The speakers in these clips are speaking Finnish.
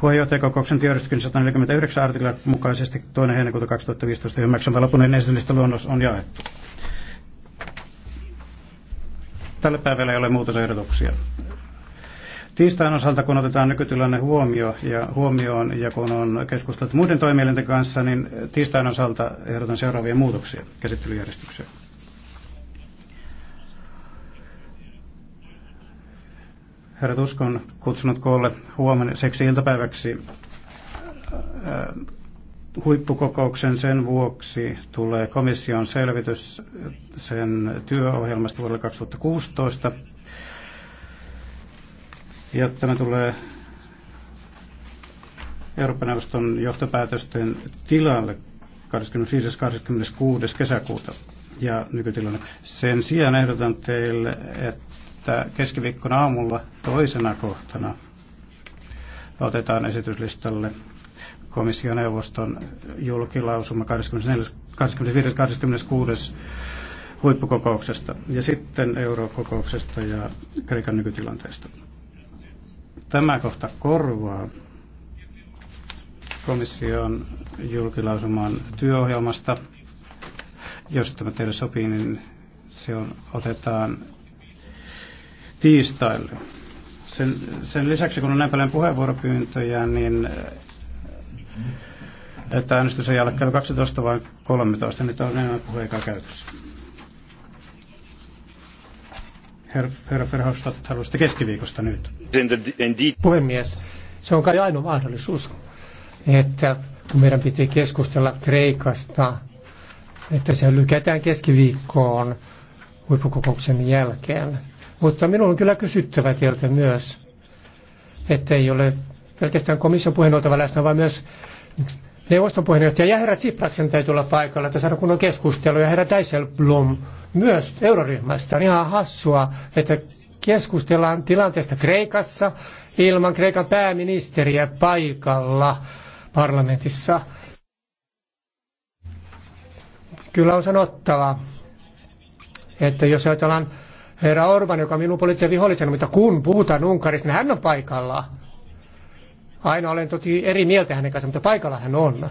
puheenjohtajakokouksen työjärjestyksen 149 artiklan mukaisesti 2. heinäkuuta 2015 hyväksymä lopullinen esitystä luonnos on jaettu. Tälle päivälle ei ole muutosehdotuksia. Tiistain osalta, kun otetaan nykytilanne huomio ja huomioon ja kun on keskusteltu muiden toimielinten kanssa, niin tiistain osalta ehdotan seuraavia muutoksia käsittelyjärjestykseen. Herra Tusk on kutsunut koolle huomenna seksi iltapäiväksi äh, huippukokouksen sen vuoksi tulee komission selvitys sen työohjelmasta vuodelle 2016. Ja tämä tulee Euroopan neuvoston johtopäätösten tilalle 25.–26. kesäkuuta ja nykytilanne. Sen sijaan ehdotan teille, että että keskiviikkona aamulla toisena kohtana otetaan esityslistalle komissioneuvoston julkilausuma 25-26 huippukokouksesta ja sitten eurokokouksesta ja Kreikan nykytilanteesta. Tämä kohta korvaa komission julkilausumaan työohjelmasta. Jos tämä teille sopii, niin se on, otetaan tiistaille. Sen, sen lisäksi, kun on näin paljon puheenvuoropyyntöjä, niin että äänestys ei ole kello 12 vai 13, niin on enemmän puheikaa käytössä. Herra her, Verhofstadt, haluaisitte keskiviikosta nyt. Puhemies, se on kai ainoa mahdollisuus, että kun meidän piti keskustella Kreikasta, että se lykätään keskiviikkoon huippukokouksen jälkeen. Mutta minun on kyllä kysyttävä teiltä myös, ettei ole pelkästään komission puheen oltava läsnä, vaan myös neuvoston puheenjohtaja ja herra Tsipraksen täytyy olla paikalla, että saada kunnon keskustelu. Ja herra Dijsselblom myös euroryhmästä. On ihan hassua, että keskustellaan tilanteesta Kreikassa ilman Kreikan pääministeriä paikalla parlamentissa. Kyllä on sanottava, että jos ajatellaan herra Orban, joka on minun poliittisen vihollisen, mutta kun puhutaan Unkarista, niin hän on paikalla. Aina olen toki eri mieltä hänen kanssaan, mutta paikalla hän on.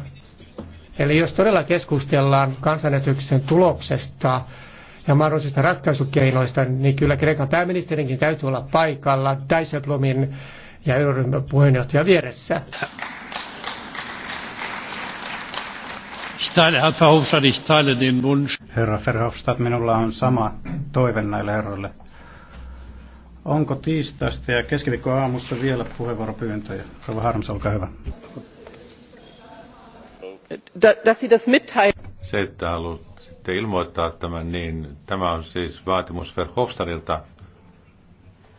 Eli jos todella keskustellaan kansanäytöksen tuloksesta ja mahdollisista ratkaisukeinoista, niin kyllä Kreikan pääministerinkin täytyy olla paikalla Dijsselbloemin ja euroryhmän puheenjohtaja vieressä. Herra Verhofstadt, minulla on sama toive näille herroille. Onko tiistaista ja aamusta vielä puheenvuoropyyntöjä? Rova Harms, olkaa hyvä. Se, että haluat sitten ilmoittaa tämän, niin tämä on siis vaatimus Verhofstadilta,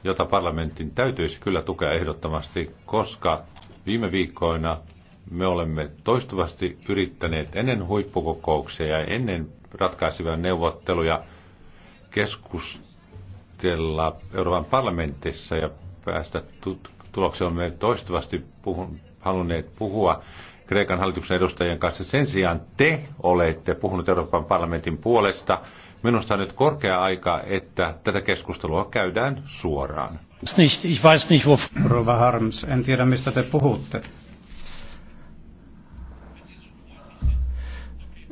jota parlamentin täytyisi kyllä tukea ehdottomasti, koska viime viikkoina – me olemme toistuvasti yrittäneet ennen huippukokouksia ja ennen ratkaisevia neuvotteluja keskustella Euroopan parlamentissa ja päästä tulokseen. Olemme toistuvasti puhun, halunneet puhua Kreikan hallituksen edustajien kanssa. Sen sijaan te olette puhunut Euroopan parlamentin puolesta. Minusta on nyt korkea aika, että tätä keskustelua käydään suoraan. Rova Harms, en tiedä mistä te puhutte.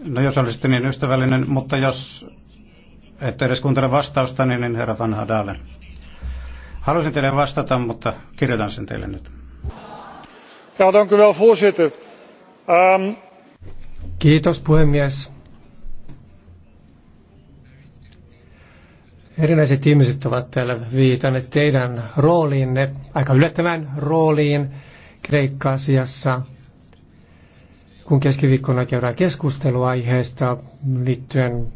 No jos olisitte niin ystävällinen, mutta jos ette edes kuuntele vastausta, niin, niin herra Van Hadalen. Halusin teille vastata, mutta kirjoitan sen teille nyt. Ja, dank u wel, voorzitter. Um... Kiitos puhemies. Erinäiset ihmiset ovat täällä viitanneet teidän rooliinne, aika yllättävän rooliin Kreikka-asiassa – kun keskiviikkona käydään keskustelua aiheesta liittyen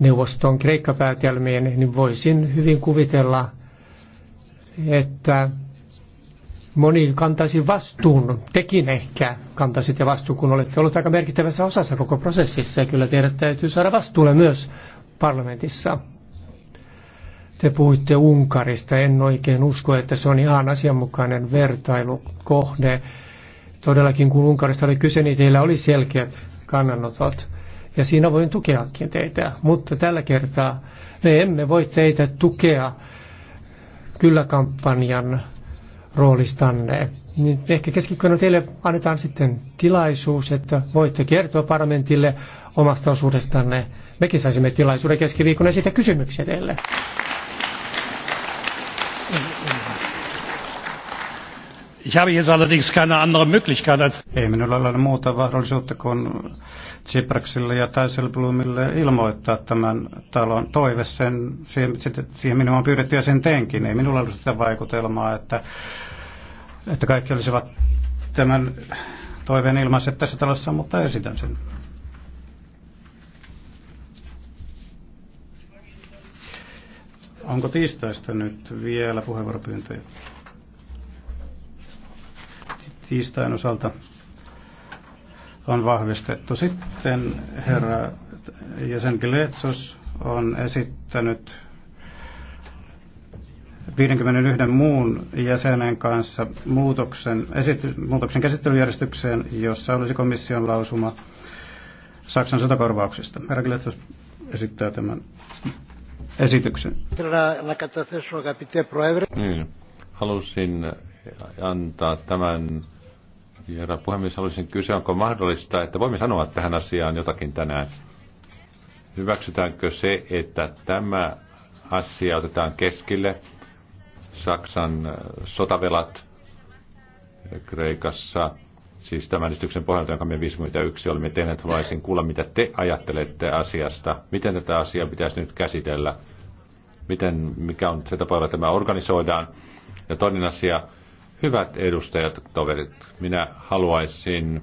neuvoston kreikkapäätelmiin, niin voisin hyvin kuvitella, että moni kantaisi vastuun, tekin ehkä kantaisitte vastuun, kun olette olleet aika merkittävässä osassa koko prosessissa, ja kyllä teidät täytyy saada vastuulle myös parlamentissa. Te puhuitte Unkarista, en oikein usko, että se on ihan asianmukainen vertailukohde Todellakin kun Unkarista oli kyse, niin teillä oli selkeät kannanotot. Ja siinä voin tukeakin teitä. Mutta tällä kertaa me emme voi teitä tukea kyllä-kampanjan roolistanne. Niin ehkä keskikkona teille annetaan sitten tilaisuus, että voitte kertoa parlamentille omasta osuudestanne. Mekin saisimme tilaisuuden keskiviikkona siitä kysymyksiä teille. Ich habe jetzt allerdings keine andere Möglichkeit als... Ei minulla ole muuta mahdollisuutta kuin Tsipraksille ja Taiselblumille ilmoittaa tämän talon toive. Sen, siihen, siihen minua on pyydetty ja sen teenkin. Ei minulla ole sitä vaikutelmaa, että, että kaikki olisivat tämän toiveen ilmaiset tässä talossa, mutta esitän sen. Onko tiistaista nyt vielä puheenvuoropyyntöjä? tiistain osalta on vahvistettu. Sitten herra Jesenki Letsos on esittänyt 51 muun jäsenen kanssa muutoksen, esity, muutoksen käsittelyjärjestykseen, jossa olisi komission lausuma Saksan sotakorvauksista. Herra Kletsos esittää tämän esityksen. Niin, halusin antaa tämän Herra puhemies, haluaisin kysyä, onko mahdollista, että voimme sanoa tähän asiaan jotakin tänään. Hyväksytäänkö se, että tämä asia otetaan keskille, Saksan äh, sotavelat Kreikassa, siis tämän esityksen pohjalta, jonka me 51 olimme tehneet, haluaisin kuulla, mitä te ajattelette asiasta, miten tätä asiaa pitäisi nyt käsitellä, miten, mikä on se tapa, jolla tämä organisoidaan. Ja toinen asia, Hyvät edustajat, toverit, minä haluaisin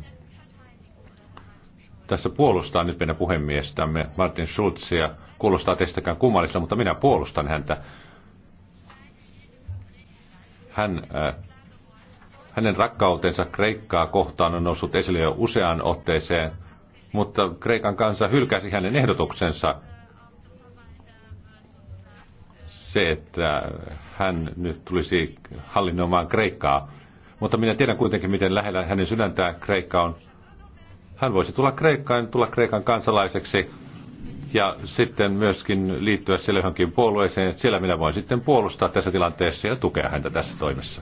tässä puolustaa nyt meidän puhemiestämme Martin Schulzia. Kuulostaa teistäkään kummallista, mutta minä puolustan häntä. Hän, äh, hänen rakkautensa Kreikkaa kohtaan on noussut esille jo useaan otteeseen, mutta Kreikan kansa hylkäsi hänen ehdotuksensa – se, että hän nyt tulisi hallinnoimaan Kreikkaa. Mutta minä tiedän kuitenkin, miten lähellä hänen sydäntään Kreikka on. Hän voisi tulla Kreikkaan, tulla Kreikan kansalaiseksi ja sitten myöskin liittyä siellä johonkin puolueeseen. Siellä minä voin sitten puolustaa tässä tilanteessa ja tukea häntä tässä toimessa.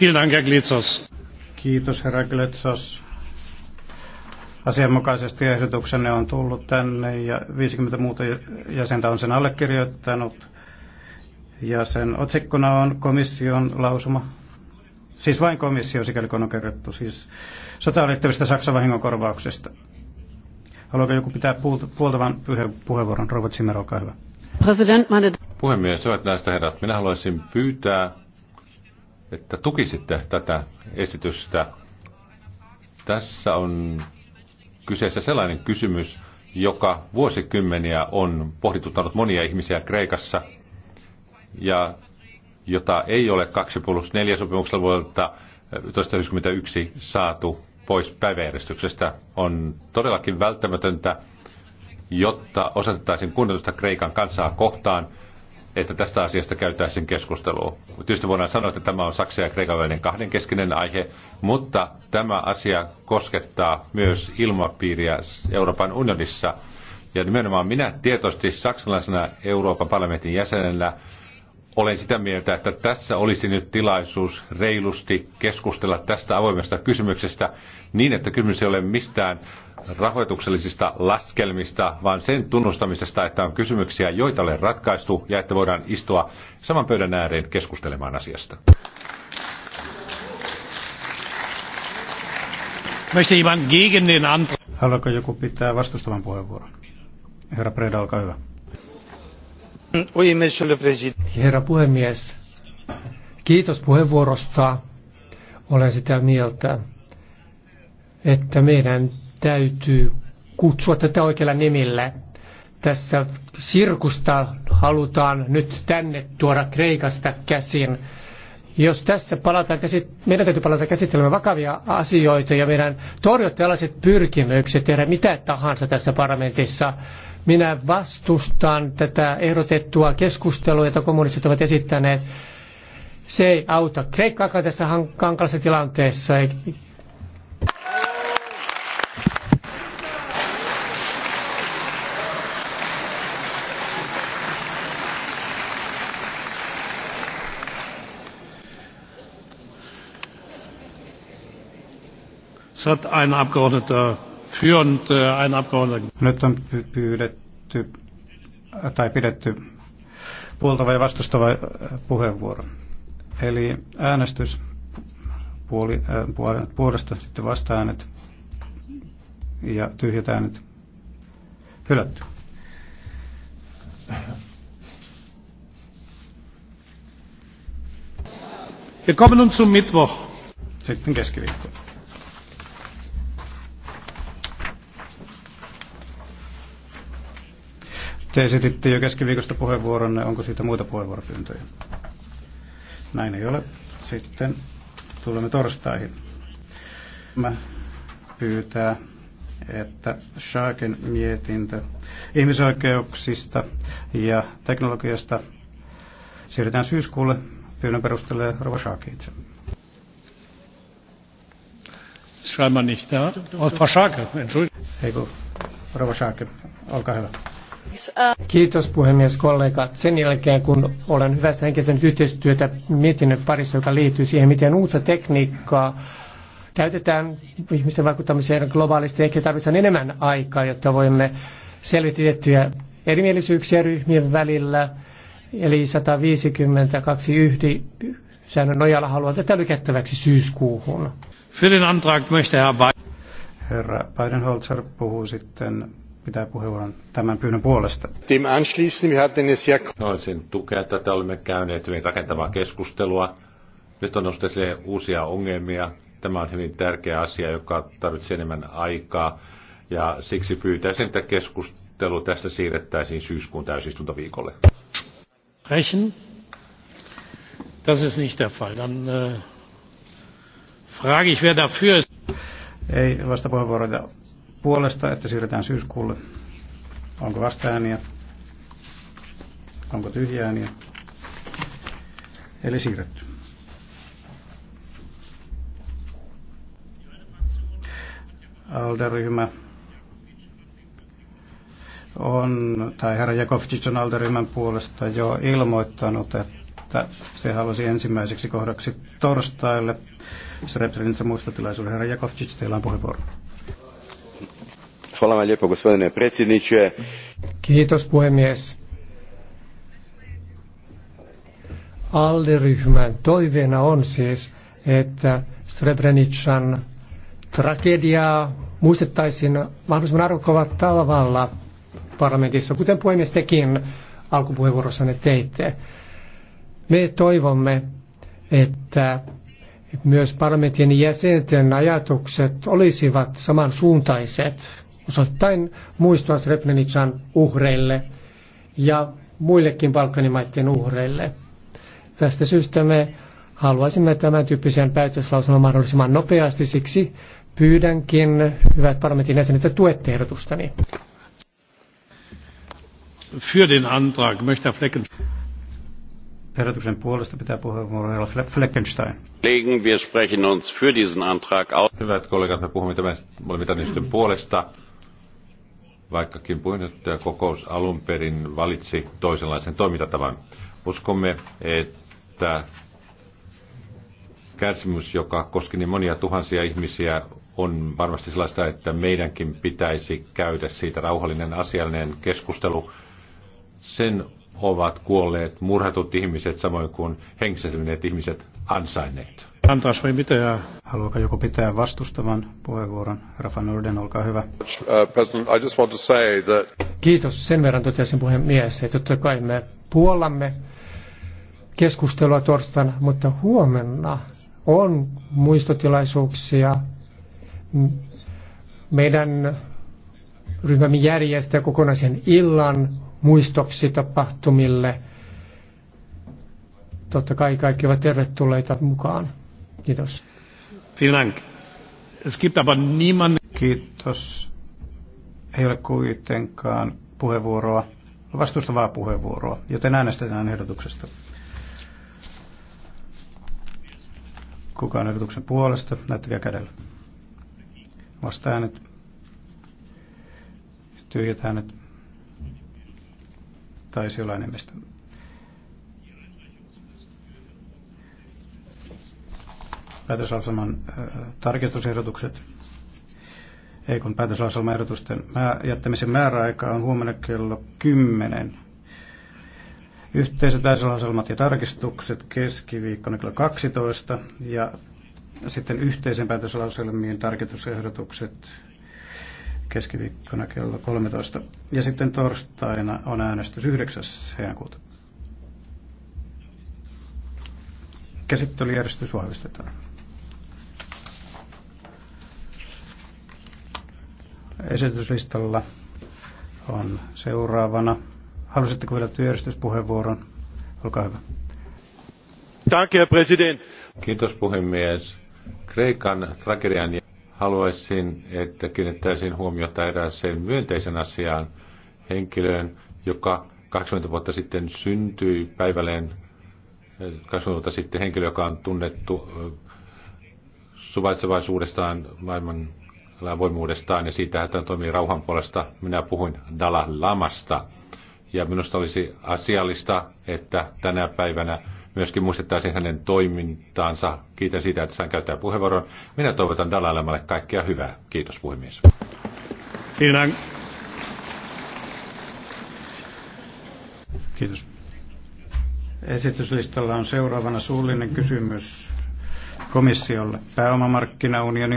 Vielen Dank, Herr Kiitos, herra Glitzos asianmukaisesti ehdotuksenne on tullut tänne ja 50 muuta jäsentä on sen allekirjoittanut. Ja sen otsikkona on komission lausuma. Siis vain komissio, sikäli kun on kerrottu, siis sotaan liittyvistä Saksan vahingonkorvauksesta. Haluaako joku pitää puoltavan puheenvuoron? Robert Zimmer, olkaa hyvä. Puhemies, hyvät näistä herrat, minä haluaisin pyytää, että tukisitte tätä esitystä. Tässä on kyseessä sellainen kysymys, joka vuosikymmeniä on pohdituttanut monia ihmisiä Kreikassa ja jota ei ole 2 plus 4 sopimuksella vuodelta 1991 äh, saatu pois päiväjärjestyksestä, on todellakin välttämätöntä, jotta osoitettaisiin kunnioitusta Kreikan kansaa kohtaan – että tästä asiasta käytäisiin keskustelua. Tietysti voidaan sanoa, että tämä on Saksan ja Kreikan välinen kahdenkeskinen aihe, mutta tämä asia koskettaa myös ilmapiiriä Euroopan unionissa. Ja nimenomaan minä tietoisesti saksalaisena Euroopan parlamentin jäsenenä olen sitä mieltä, että tässä olisi nyt tilaisuus reilusti keskustella tästä avoimesta kysymyksestä niin, että kysymys ei ole mistään rahoituksellisista laskelmista, vaan sen tunnustamisesta, että on kysymyksiä, joita ole ratkaistu ja että voidaan istua saman pöydän ääreen keskustelemaan asiasta. Haluaako joku pitää vastustavan puheenvuoron? Herra Preda, olkaa hyvä. Herra puhemies, kiitos puheenvuorosta. Olen sitä mieltä, että meidän täytyy kutsua tätä oikealla nimellä. Tässä sirkusta halutaan nyt tänne tuoda Kreikasta käsin. Jos tässä palataan, meidän täytyy palata käsittelemään vakavia asioita ja meidän torjua tällaiset pyrkimykset tehdä mitä tahansa tässä parlamentissa. Minä vastustan tätä ehdotettua keskustelua, jota kommunistit ovat esittäneet. Se ei auta Kreikkaakaan tässä hankalassa tilanteessa, Äh, Nyt on pyydetty tai pidetty puoltava ja vastustava äh, puheenvuoro. Eli äänestys puoli, äh, puolesta, puolesta sitten vasta-äänet ja tyhjät äänet hylätty. Wir kommen nun zum Mittwoch. Sitten keskiviikkoon. Te esititte jo keskiviikosta puheenvuoronne. Onko siitä muita puheenvuoropyyntöjä? Näin ei ole. Sitten tulemme torstaihin. Mä pyytää, että Schaken mietintö ihmisoikeuksista ja teknologiasta siirretään syyskuulle. Pyynnön perustelee Rova Schaake itse. Schreiber nicht da. Oh, Frau Schaake, entschuldigung. Rova Schaake, olkaa hyvä. Kiitos puhemies kollegat. Sen jälkeen kun olen hyvässä henkisestä yhteistyötä mietinnön parissa, joka liittyy siihen, miten uutta tekniikkaa käytetään ihmisten vaikuttamiseen globaalisti, ehkä tarvitaan enemmän aikaa, jotta voimme selvitä tiettyjä erimielisyyksiä ryhmien välillä. Eli 152 yhdi säännön nojalla haluan tätä lykättäväksi syyskuuhun. Herra Biden-Holzer puhuu sitten pitää puheenvuoron tämän pyynnön puolesta. Tim Haluaisin tukea tätä. Olemme käyneet hyvin rakentavaa keskustelua. Nyt on nostettu uusia ongelmia. Tämä on hyvin tärkeä asia, joka tarvitsee enemmän aikaa. Ja siksi pyytäisin, että keskustelu tästä siirrettäisiin syyskuun täysistuntoviikolle. Rechen? Das ist nicht der Fall. Dann äh, frage ich, wer dafür ist. Ei vastapuheenvuoroja puolesta, että siirretään syyskuulle. Onko vastaääniä? Onko tyhjääniä? Eli siirretty. Alderyhmä on, tai herra Jakovčić on Alderyhmän puolesta jo ilmoittanut, että se halusi ensimmäiseksi kohdaksi torstaille Srebrenica muistotilaisuuden. Herra Jakovčić, teillä on puheenvuoro gospodine predsjedniče kiitos puhemies alde ryhmän toiveena on siis että Srebrenican tragediaa muistettaisiin mahdollisimman arvokkaalla tavalla parlamentissa, kuten puhemies tekin alkupuheenvuorossanne teitte. Me toivomme, että myös parlamentin jäsenten ajatukset olisivat samansuuntaiset, osoittain muistua Srebrenican uhreille ja muillekin Balkanimaiden uhreille. Tästä syystä me haluaisimme tämän tyyppisen päätöslausunnon mahdollisimman nopeasti, siksi pyydänkin hyvät parlamentin jäsenet, että tuette ehdotustani. Für den Antrag möchte Flecken. Ehdotuksen puolesta pitää puheenvuoro Fleckenstein. Wir sprechen uns für diesen Antrag aus. Hyvät kollegat, me puhumme tämän valmitanisten puolesta. Vaikkakin kokous alun perin valitsi toisenlaisen toimintatavan. Uskomme, että kärsimys, joka koski niin monia tuhansia ihmisiä, on varmasti sellaista, että meidänkin pitäisi käydä siitä rauhallinen asiallinen keskustelu. Sen ovat kuolleet murhatut ihmiset samoin kuin henkisesti ihmiset ansainneet. Antaas vai mitä? Ja... Haluaako joku pitää vastustavan puheenvuoron? Rafa Norden, olkaa hyvä. Uh, Kiitos. Sen verran totesin puhemies, että totta kai me puolamme keskustelua torstaina, mutta huomenna on muistotilaisuuksia. Meidän ryhmämme järjestää kokonaisen illan muistoksi tapahtumille. Totta kai kaikki ovat tervetulleita mukaan. Kiitos. Es gibt aber Kiitos. Ei ole kuitenkaan puheenvuoroa, vastustavaa puheenvuoroa, joten äänestetään ehdotuksesta. Kuka on ehdotuksen puolesta? Näyttäkää kädellä. Vasta äänet. Tyhjät äänet taisi olla enemmistö. Päätöslauselman tarkistusehdotukset. Ei kun päätöslauselmaehdotusten jättämisen määräaika on huomenna kello 10. Yhteiset päätöslauselmat ja tarkistukset keskiviikkona kello 12 ja sitten yhteisen päätöslauselmien tarkistusehdotukset keskiviikkona kello 13. Ja sitten torstaina on äänestys 9. heinäkuuta. Käsittelyjärjestys vahvistetaan. Esityslistalla on seuraavana. Halusitteko vielä työjärjestyspuheenvuoron? Olkaa hyvä. Danke, Kiitos puhemies. Kreikan tragedian haluaisin, että kiinnittäisin huomiota erääseen myönteisen asiaan henkilöön, joka 20 vuotta sitten syntyi päivälleen 20 vuotta sitten henkilö, joka on tunnettu suvaitsevaisuudestaan, maailman voimuudestaan ja siitä, että hän toimii rauhan puolesta. Minä puhuin Dalai Lamasta. Ja minusta olisi asiallista, että tänä päivänä myöskin muistettaisiin hänen toimintaansa. Kiitän siitä, että sain käyttää puheenvuoron. Minä toivotan Dalailemalle kaikkea hyvää. Kiitos puhemies. Kiitos. Kiitos. Esityslistalla on seuraavana suullinen kysymys komissiolle pääomamarkkinaunionin